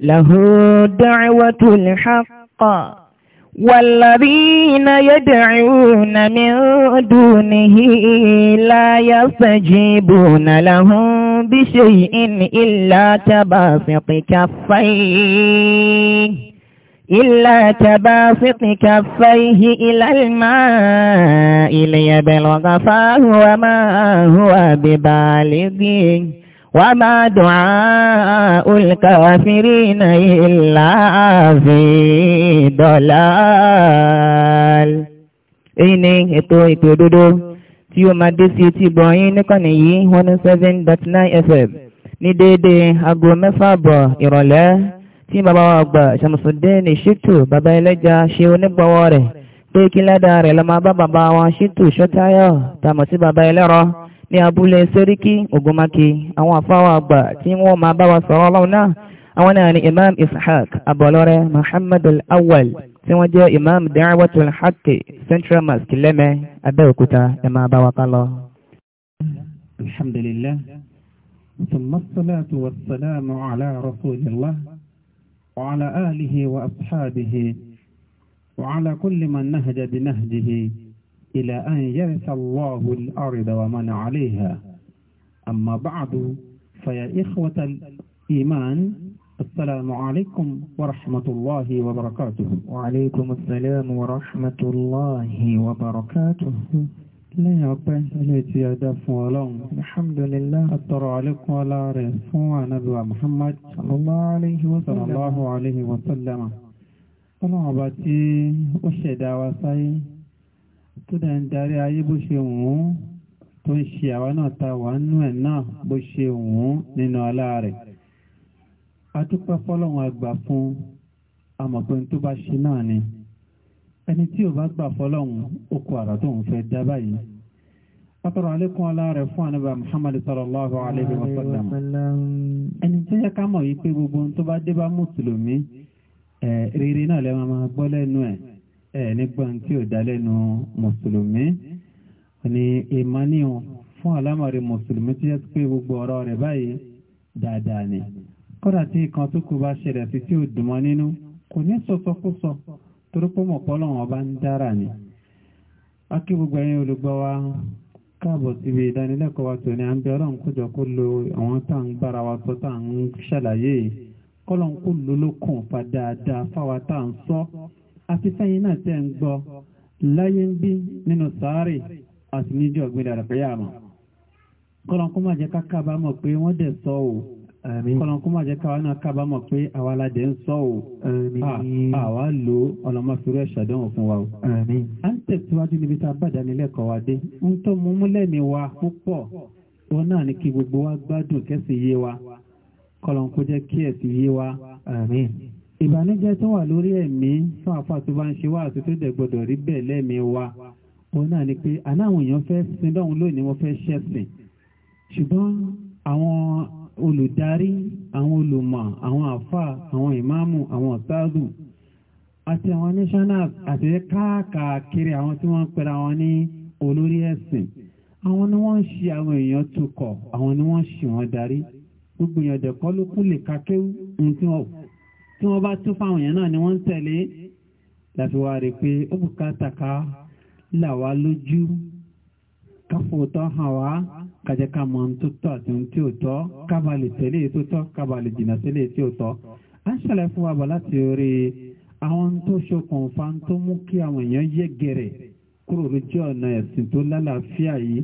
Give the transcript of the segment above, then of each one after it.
له دعوة الحق والذين يدعون من دونه لا يستجيبون لهم بشيء إلا تباسط كفيه إلا تباسط كفيه إلى الماء ليبلغ فاه وما هو ببالغه wà máa dùn ul kafirina illa fi dalal. èyí ni ètò ìpè òdodo tí ó máa dé sí etí ìbọ̀nyín níkànnì yìí 107.9 FM ní déédéé aago mẹ́fà bọ̀ ìrọ̀lẹ́ tí bàbá wa gbà Ṣàmùsùdíìnì Ṣítù bàbá ẹlẹ́jà ṣe onígbọ̀wọ́ rẹ̀ pé kí lẹ́dà rẹ̀ lọ máa bá bàbá wa Ṣítù Ṣótáyọ̀ tàmọ̀ sí bàbá ẹlẹ́rọ ní abúlé sẹ́ríkí ogunmáke àwọn àfáwà àgbà tí wọ́n máa bá wa sọ̀rọ̀ ọlọ́run náà àwọn náà ni imam ishaq abọ̀lọ́rẹ́ muhammad al-awwal tí wọ́n jẹ́ imam da'watul haqq central mosque lẹ́mẹ́ abẹ́òkúta ẹ máa bá wa ká lọ. alhamdulillah thumma salatu wa salamu ala rasulillah إلى أن ينسى الله الأرض ومن عليها أما بعد فيا إخوة الإيمان السلام عليكم ورحمة الله وبركاته وعليكم السلام ورحمة الله وبركاته لن يقبل سليت يدى الحمد لله أطر عليكم على رسول نبي محمد صلى الله عليه وسلم صلى الله عليه وسلم صلى الله عليه وسلم tó dẹ̀ ń darí ayé bó ṣe wù ú tó ń ṣe àwa náà ta wà nínú ẹ̀ náà bó ṣe wù ú nínú ọlá adúpẹ́ fọ́lọ́run àgbà fún amọ̀pẹ́ tó bá ṣe náà ni ẹni tí ò bá gbà fọ́lọ́run ó kó àrà tó ń fẹ́ dá báyìí Atọ̀rọ̀ alékún ọlá rẹ̀ fún àníbà Muhammadu sallallahu alaihi wa sallam. Ẹni tó yẹ ká mọ̀ yí pé gbogbo tó bá dé bá Mùsùlùmí, rere náà lẹ́wọ̀n máa gbọ́ lẹ́nu ẹ̀ ẹ̀ nígbọ́n tí ò dá lẹ́nu mùsùlùmí ni ìmánìyàn fún alámọ̀rí mùsùlùmí tí yẹ́ pé gbogbo ọ̀rọ̀ rẹ̀ báyìí dáadáa ni kódà tí nǹkan tó kú bá ṣẹlẹ̀ sí tí ò dùnmọ́ nínú kò ní sọsọkúsọ torí pé mọ̀pọ́ lọ́wọ́ bá ń dára ni akí gbogbo ẹ̀yin olùgbọ́ wa káàbọ̀ síbi ìdánilẹ́kọ̀ọ́ wa tò ní à ń bẹ ọlọ́run kójọ kó lo àwọn tá à ń bára wa sọ tá à ń ṣàlàyé kọ́lọ́n kó lólókùn fa dáadáa fáwa tá à ń sọ àti sẹ́yìn náà tẹ́ ń gbọ́ láyé ń bí nínú sàárè àti níjọ́ ọ̀gbìn àràfẹ́yàmọ̀ kọ́lọ̀kún máa jẹ́ ká kábàámọ̀ pé wọ́n dẹ̀ sọ ò kọ́lọ̀kún máa jẹ́ káwa náà kábàámọ̀ pé àwa la dẹ̀ ń sọ ò àwa lo ọlọ́mọfẹ́rẹ́ ṣàdánwò fún wa o. à ń tẹ̀síwájú níbi tá a bá dánilẹ́kọ̀ọ́ wa dé ń tó mú múlẹ̀mí wa púpọ̀ òun náà ni kí gbogbo wa gbádùn kẹ́sì yé wa kọ́lọ̀kún jẹ́ kí ẹ̀sì yé wa ìbànújẹ́ tó wà lórí ẹ̀mí fún àfà tó bá ń ṣe wá àti tó dẹ̀ gbọ́dọ̀ rí bẹ́ẹ̀ lẹ́mí wa òun náà ni pé aláwọn èèyàn fẹ́ sin lọ́hun lónìí wọ́n fẹ́ ṣẹ̀sìn ṣùgbọ́n àwọn olùdarí àwọn olùmọ̀ àwọn àfà àwọn ìmáàmù àwọn ọ̀sáàdù àti àwọn nationals àti káàkiri àwọn tí wọ́n ń pera wọn ní olórí ẹ̀sìn àwọn ni wọ́n ń ṣe àwọn èèyàn tukọ̀ àwọn ni wọ́n ń ṣe wọn darí gbogbo èèyàn dẹ̀kọ́ ló kún lè kakéwù ohun tí wọ́n tí wọ́n bá tún fáwọn èèyàn náà ni wọ́n ń tẹ̀lé láti wá rí pé ó bùkátà ká là wá lójú káfòótọ́ hàn wá kájẹ́ ká mọ tó tọ́ àti ohun tí ò tọ́ kábà lè tẹ̀lé èyí tó tọ́ kábà lè jìnnà sílé èyí tí ò tọ́ à ń ṣàlàyé fún wa bọ̀ láti orí àwọn tó ṣokùnfà tó mú kí àwọn èèyàn yẹ gẹ̀rẹ̀ kúrò lójú ọ̀nà ẹ̀sìn tó lálàáfíà yìí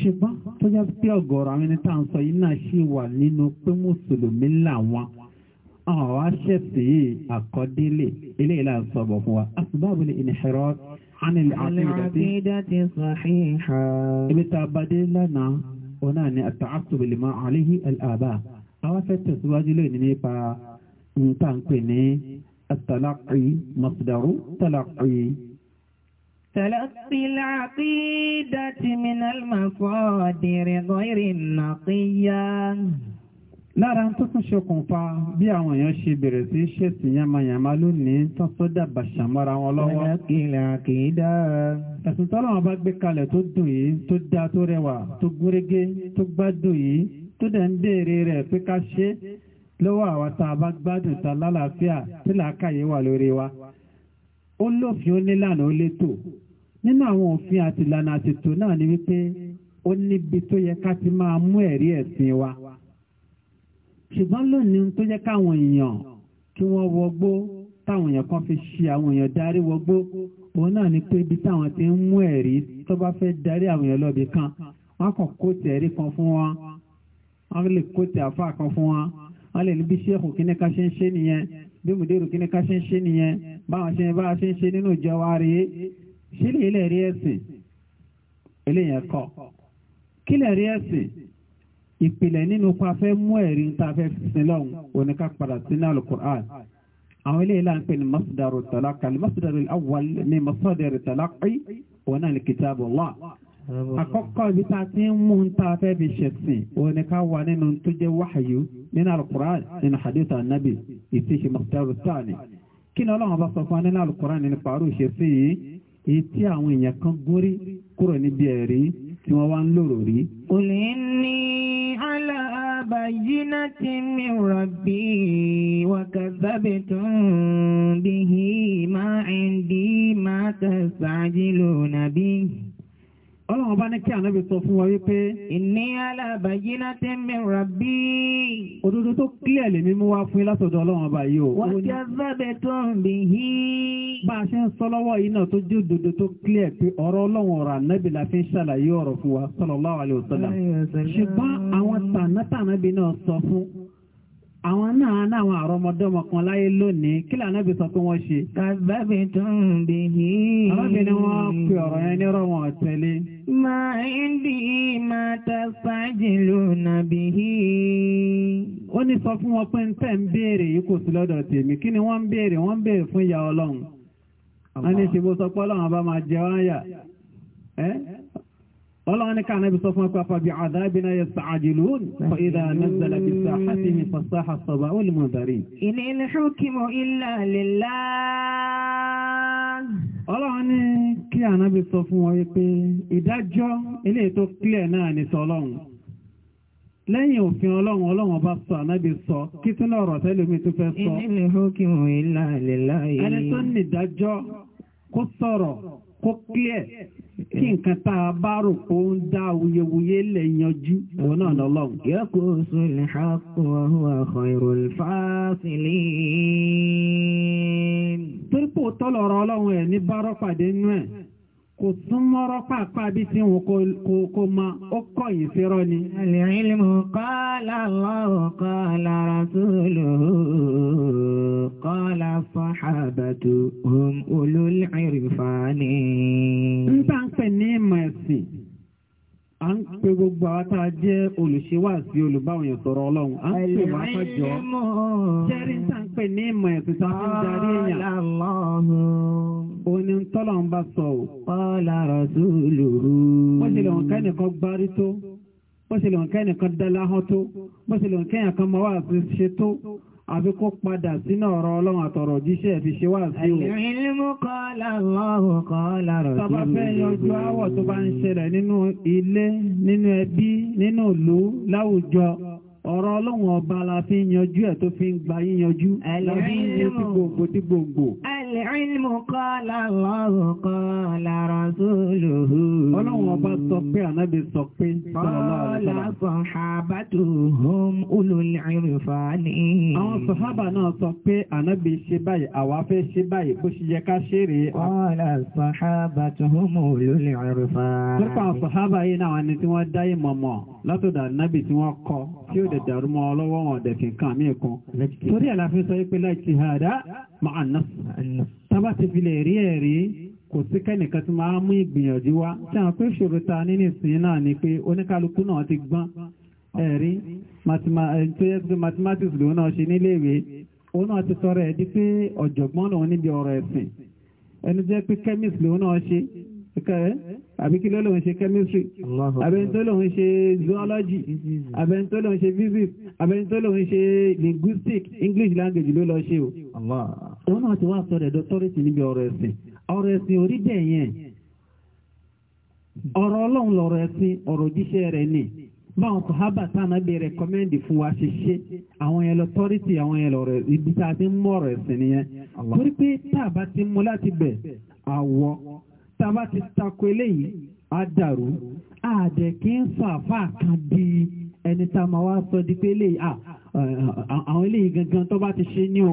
ṣùgbọ́n tó yá pé ọ̀gọ̀ọ̀rọ̀ àwọn ẹni tá à ń sọ yìí náà ṣì wà nínú pé mùsùlùmí làwọn àwọn wa ṣẹ̀sì àkọdílé ilé ìlà sọ̀bọ̀ fún wa asbábù ní ìnìṣẹ́rọ́ anìlàkídàtí sàhíhà ibi tàbádé lánàá ọ̀nà ni àtàkùbì lè máa àléhì al'àbá àwọn تلقي العقيدة من المصادر غير النقية lára tó tún ṣokùnfà bí àwọn èèyàn ṣe bẹ̀rẹ̀ sí ṣètì yamayama lónìí tán tó dàbà ṣàmọ́ra wọn lọ́wọ́. ìlàkìlà kì í dáa. ẹ̀sùn tọ́lọ́wọ́n bá gbé kalẹ̀ tó dùn yìí tó dáa tó rẹwà tó gúrégé tó gbádùn yìí tó dẹ̀ ń béèrè rẹ̀ pé ká ṣe lọ́wọ́ àwa tá a bá gbádùn ta lálàáfíà tí làákàyè wà lórí wa. ó lófin ó nílànà ó létò nínú àwọn òfin àtìlànà àtìtò náà ni wípé ó níbi tó yẹ ká ti máa mú ẹ̀rí ẹ̀sìn wa ṣùgbọ́n lónìí tó jẹ́ káwọn èèyàn kí wọ́n wọgbó táwọn èèyàn kan fi ṣe àwọn èèyàn darí wọgbó òun náà ni pé ibi táwọn ti ń mú ẹ̀rí tó bá fẹ́ darí àwọn èèyàn lọ́bì kan wọ́n kàn kóòtù ẹ̀rí kan fún wọn wọ́n lè kóòtù àfáà kan fún wọn wọ́n lè níbi ṣéèkù kíní ká ṣe ń ṣe nìyẹn bí mùdérù kíní ká ṣe ń ṣe nìyẹn báwọn ṣe bá ṣe ń ṣe nínú ìjọ wa rèé ṣílẹ̀ ilẹ̀ rí ẹ̀sìn eléyẹn kọ́ kílẹ̀ rí ẹ̀sìn ìpìlẹ̀ nínú pa fẹ́ mú ẹ̀rí ta fẹ́ sílọ́hun oníká padà sínú alukur'an àwọn ilé ìlànà pé ní masdaru talaqa masdaru awwal ní masdaru talaqi wọn náà ní kitabullah àkọ́kọ́ ibi ta ti ń mú ta fẹ́ fi ṣẹ̀sìn oníká wà nínú tó jẹ́ wáhàyú nínú alukur'an nínú hadith anabi ìtìṣe masdaru tani kí ni ọlọ́run bá sọ fún wa nínú alukur'an nínú pàrọ̀ ìṣẹ̀sìn yìí èyí àwọn èèyàn kan górí kúrò níbi ẹ̀rí tí wọ́n wá ń lòrò rí من ربي وكذبتم به ما عندي ما تستعجلون به Ọlọ́run bá ní kí ànábì sọ fún wa wípé. Inni ala bayyinatin min rabbi. Òdodo tó kílẹ̀ lè mímú wá fún látọ̀dọ̀ ọlọ́run bá yìí o. Wa kazzabtum bihi. Bá a ṣe ń sọ lọ́wọ́ yìí náà tó jẹ́ òdodo tó kílẹ̀ pé ọ̀rọ̀ ọlọ́run ọ̀rọ̀ ànábì la fi ń ṣàlàyé ọ̀rọ̀ fún wa sallallahu alaihi wasallam. Ṣùgbọ́n àwọn tànátànábì náà sọ fún àwọn náà náwọn àrọmọdọ́mọ láyé lónìí kí lànà bí sọ pé wọ́n ṣe. tó ń bè ní. wọn máa ń bí máa ta lónà bí i. ó ní sọ fún wọn pé ń ń béèrè yìí kò sí lọ́dọ̀ tèmi kí ni wọ́n ń béèrè wọ́n ń béèrè fún ìyá ọlọ́run ní ká anábì sọ fún apapa bí àdábìnà yẹ sàájìlú fa ìdá nàzàlà bí sàáhàtì ní fasáhà sọba ó lè mọ̀ dárí. ìní ilé ṣókìmọ̀ ilá lèlá. ọlọ́run ní kí anábì sọ fún wọn pé ìdájọ́ ilé ètò clear náà ní tọ́lọ́run lẹ́yìn òfin ọlọ́run ọlọ́run ọba sọ ànábì sọ kí tún náà ọ̀rọ̀ tẹ́lómi tó fẹ́ sọ. ìní ilé ṣókìmọ̀ ilá lèlá yìí. ẹni kí nǹkan tá a bá rò pé ó ń dá awuyewuye lẹ̀ yanjú òun náà lọ lọ́wọ́. yẹ́kù sùlẹ̀ ṣàkóso ọ̀hún ìròyìn fásilì. torí pé òótọ́ lọ̀rọ̀ ọlọ́run ẹ̀ ní bárọ́ pàdé nínú ẹ̀ kò súnmọ́rọ́ pàápàá bí tí wọn kò ma ó kọ̀ yìí sí rọ́ ni. Al-ilmu qala Allahu qala rasuluhu a ń pe gbogbo àwọn tá a jẹ́ olùṣèwàsí olùbáwọn yẹn sọ̀rọ̀ ọlọ́run a ń pè wá fẹ́jọ́ jẹ́rìí tá ń pè ní ìmọ̀ ẹ̀sìn tá a fi ń darí èèyàn. òní tọ́lọ̀ ń bá sọ o. kọ́lá rọ̀súlù. wọ́n ṣe lè wọ́n kẹ́ nìkan gbárí tó wọ́n ṣe lè wọ́n kẹ́ nìkan dáláhán tó wọ́n ṣe lè wọ́n kẹ́ nìkan mọ́wá àti ṣe tó àbí kó padà sínú ọ̀rọ̀ ọlọ́run àtọ̀rọ̀ jíṣẹ́ fi ṣe wà sí o. ìlú kọ́lá lọ́wọ́ kọ́lá rọ̀ sí. tọ́ba fẹ́ yanjú áwọ̀ tó bá ń ṣẹlẹ̀ ọ̀rọ̀ ọlọ́run ọba la fi yanjú ẹ̀ tó fi ń gba yíyanjú. ẹ̀lẹ́rìí ló ti gbòǹgbò ti gbòǹgbò. العلم قال الله قال رسوله ọlọ́run ọba sọ pé ànábì sọ pé قال صحابتهم أولو العرفان àwọn sọ̀hábà náà sọ pé ànábì ṣe báyìí àwa fẹ́ ṣe báyìí bó ṣe yẹ ká ṣe rè é. قال صحابتهم أولو العرفان. nípa sọ̀hábà yìí náà ni tí wọ́n dá ìmọ̀mọ̀ látọ̀dọ̀ ànábì tí wọ́n kọ́ tí ó dẹ̀ dàrú mọ́ ọlọ́wọ́ wọn dẹ̀fìn kan mí kan. torí àlàáfíà sọ pé láti hàdá máa ná. tábà ti fi lè rí ẹ̀rí kò sí kẹ́nìkan tí máa mú ìgbìyànjú wá tí àwọn pé ṣòro ta nínú ìsìn náà ni pé oníkálukú náà ti gbọ́n ẹ̀rí tó yẹ pé mathematics lòun náà ṣe níléèwé òun náà ti sọ̀rọ̀ ẹ̀ di pé ọ̀jọ̀gbọ́n lòun níbi ọ̀rọ̀ ẹ̀sìn ẹni jẹ́ pé chemist lòun náà ṣe kan àbí kí lọ́lọ́hun ṣe chemistry abẹ́ntọ́lọ́hun ṣe zoology abẹ́ntọ́lọ́hun ṣe physics abẹ́ntọ́lọ́hun ṣe linguistic english language ló lọ ṣe o. wọn náà ti wá sọ rẹ̀ dọ́tọ́rẹ́tì níbi ọ̀rọ̀ ẹ̀sìn ọ̀rọ̀ ẹ̀sìn orí bẹ́ẹ̀ yẹn ọ̀rọ̀ ọlọ́run lọ̀rọ̀ ẹ̀sìn ọ̀rọ̀ òjíṣẹ́ rẹ̀ ni báwọn kò hábà táwọn bí rẹkọmẹ́ndì fún wa ṣe ṣe àwọn yẹn lọ tọ́rìtì àwọn yẹn lọ̀rọ̀ ibi tá a ti ń mú ọ̀rọ̀ ẹ̀sìn nìyẹn torí pé tá a bá ti mú láti bẹ̀ àwọ̀ tá a bá ti tako eléyìí á dàrú àdẹ̀ kí ń fàáfà kan di ẹni tá a máa wá sọ di pé eléyìí à àwọn eléyìí gangan tó bá ti ṣe ní o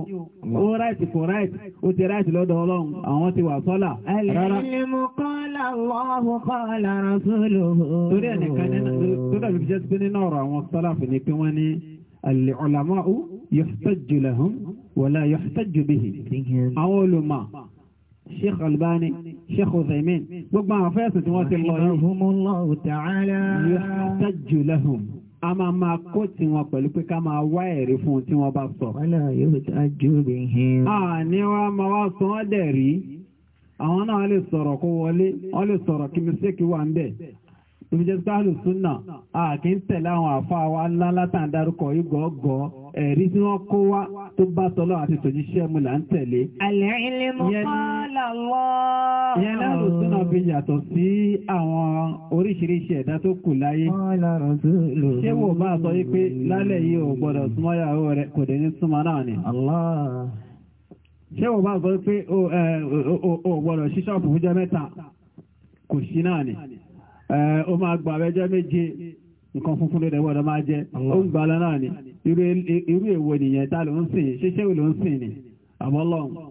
ó ráìtì fún ráìtì ó ti ráìtì lọ́dọ̀ ọlọ́run àwọn ti wà sọ́là rárá. torí ẹnìkan tó dàbí fi jẹ́ sí nínú ọ̀rọ̀ àwọn sálàfù ni pé wọ́n ní al-ulama'u yuhtajju lahum wala yuhtajju bihi àwọn olùmọ̀ sheikh albani sheikh uzaimin gbogbo àwọn fẹ́sùn tí wọ́n ti lọ yìí. rahimahumullahu ta'ala. yuhtaju lahum a máa máa kó tiwọn pẹ̀lú pé ká máa wá ẹ̀rí fún un tí wọ́n bá sọ. wọ́n náà yóò tájú bí hin. a ní wọ́n máa wá sọ dẹ̀ rí àwọn náà lè sọ̀rọ̀ kó wọlé wọ́n lè sọ̀rọ̀ kí mi sékì wà ń bẹ̀ ìbíjẹ́ sáàlù súnà àkí ń tẹ̀lé àwọn àfáà wa ńlá látàn dárúkọ ìgọ̀ọ̀gọ̀ ẹ̀rí tí wọ́n kó wá tó bá tọ́lọ́ àti tòjíṣẹ́ mu là ń tẹ̀lé. àlẹ́ ilé wọ́n. bá sọ pé lálẹ́ gbọ́dọ̀ súnmọ́ yàwó mẹ́ta kò sí náà ni ó máa gbà abẹ́jọ́ méje nǹkan funfun ló dẹ̀wọ́ ọ̀dọ́ máa jẹ́ ó ń gbà lọ náà ni irú èwo nìyẹn tá ló ń sìn ṣíṣe ló ń sìn ni àmọ́ lọ́hùn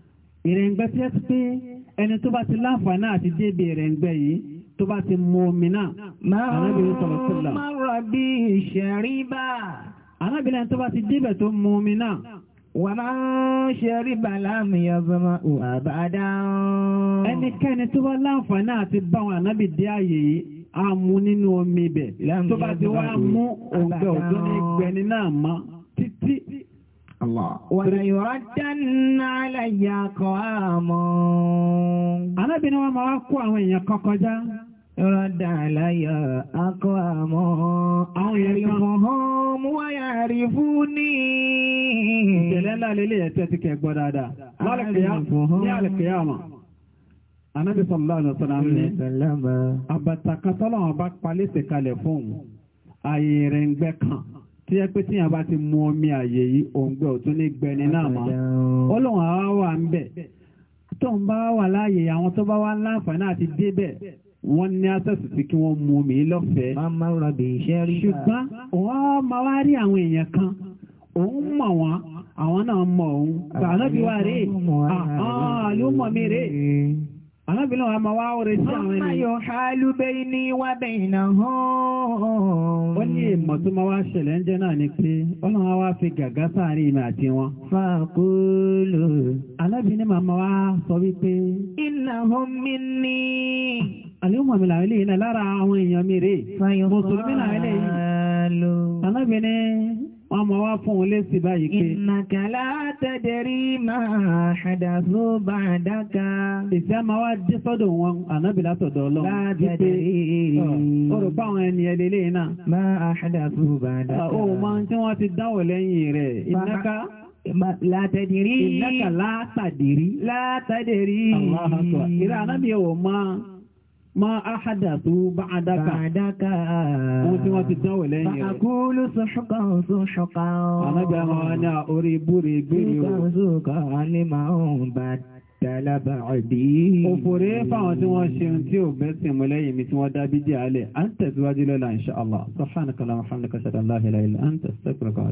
ìrẹ̀ǹgbẹ́ tí ẹ ti pé ẹni tó bá ti láǹfààní àti débi ìrẹ̀ǹgbẹ́ yìí tó bá ti mú omi náà. arábìnrin sọ̀rọ̀ sílẹ̀. máa rọ̀ bí ìṣẹ̀rí bá. arábìnrin tó bá ti débẹ̀ tó mú omi náà. wà máa ń ṣẹ̀rí bá láàmì ọgbọ́n àbádá. ẹnikẹ́ni tó bá láǹfààní àti báwọn ànábì dé àyè yìí á mú nínú omi ibẹ̀ tó bá ti wá mú òǹgbẹ òdó ní gbẹni náà mọ́. Wàlàyọ̀rọ̀dánà aláyà kọ́ àmọ́. Alábìnrin wọn máa wá kó àwọn èèyàn kan kọjá. Rọ́dà aláyà akọ́ àmọ́. Àwọn èèyàn kan hàn mú wáyà rí fún ní. Ìṣẹ̀lẹ̀ ńlá lélẹ̀ ẹ̀tẹ́ ti kẹ̀ gbọ́ dáadáa. Lálẹ́kẹ̀ẹ́ Anábì sallallahu alaihi wasallam ní àbàtà kan tọ́lọ́wọ́n bá palẹ́sẹ̀ kalẹ̀ fún ààyè rẹ̀ ń gbẹ́ kan tí ẹ pé tíyàn bá ti mu omi àyè yìí òǹgbẹ òtún ní gbẹni náà mọ́ ọlọ́run àwa wà ń bẹ̀ tó ń bá wà láàyè àwọn tó bá wà láǹfààní àti débẹ̀ wọ́n ní àṣẹ̀sì sí kí wọ́n mu omi lọ́fẹ̀ẹ́ ṣùgbọ́n wọ́n máa wá rí àwọn èèyàn kan òun mọ̀ wọ́n àwọn náà mọ̀ òun gbàgbọ́ bí wà rèé àwọn àlùmọ̀ mi rèé. Arábìnrin wa máa wá ọ̀rẹ́ sí àwọn ènìyàn. Wọ́n máa wá wa wá fi gàgá sáàrin ìmọ̀ àti wọn. Fàkúlù. Arábìnrin máa máa wá sọ wípé. Iná omi ní. Àlẹ́wọ̀n mi làwọn eléyìí náà lára àwọn èèyàn mi rè. Fàyọ̀ fọ́ Mùsùlùmí wọ́n mọ̀ wá fún olé sí báyìí pé ìmàkàlá tẹ́dẹ̀rí máa ṣàdásó bá dáka ìṣẹ́ ma wá dé sọ́dọ̀ wọn ànábìlá sọ̀dọ̀ ọlọ́run látẹ́dẹ̀rí orùpá àwọn ẹni ẹlẹ́lẹ́ náà máa ṣàdásó bá dáka ohun máa tí wọ́n ma ahadathu ba'daka ba'daka wọ́n tí wọ́n ti dánwò lẹ́yìn rẹ̀ fàkúlù sọ́ṣọ́kan sọ́ṣọ́kan alágbàmọ́ ní orí búrí gbérí sọ́ṣọ́kan ní máa ń bá dálàbà ọ̀dí òfòrè fáwọn tí wọ́n ṣe tí ò bẹ́sẹ̀ mú lẹ́yìn mi tí wọ́n dábí dí alẹ́ à ń tẹ̀síwájú lọ́la insha Allah subhanaka allahumma wa bihamdika ashhadu an la ilaha illa anta astaghfiruka wa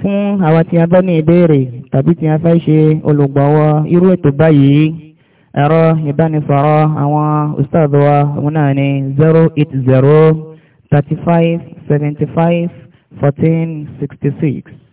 fún àwa tí a bá ní ìbéèrè tàbí tí a fẹ́ ṣe olùgbọ̀wọ́ irú ètò báyìí ẹ̀rọ ìbánisọ̀rọ̀ àwọn ustaz wa òun náà ni 080 35 75 14 66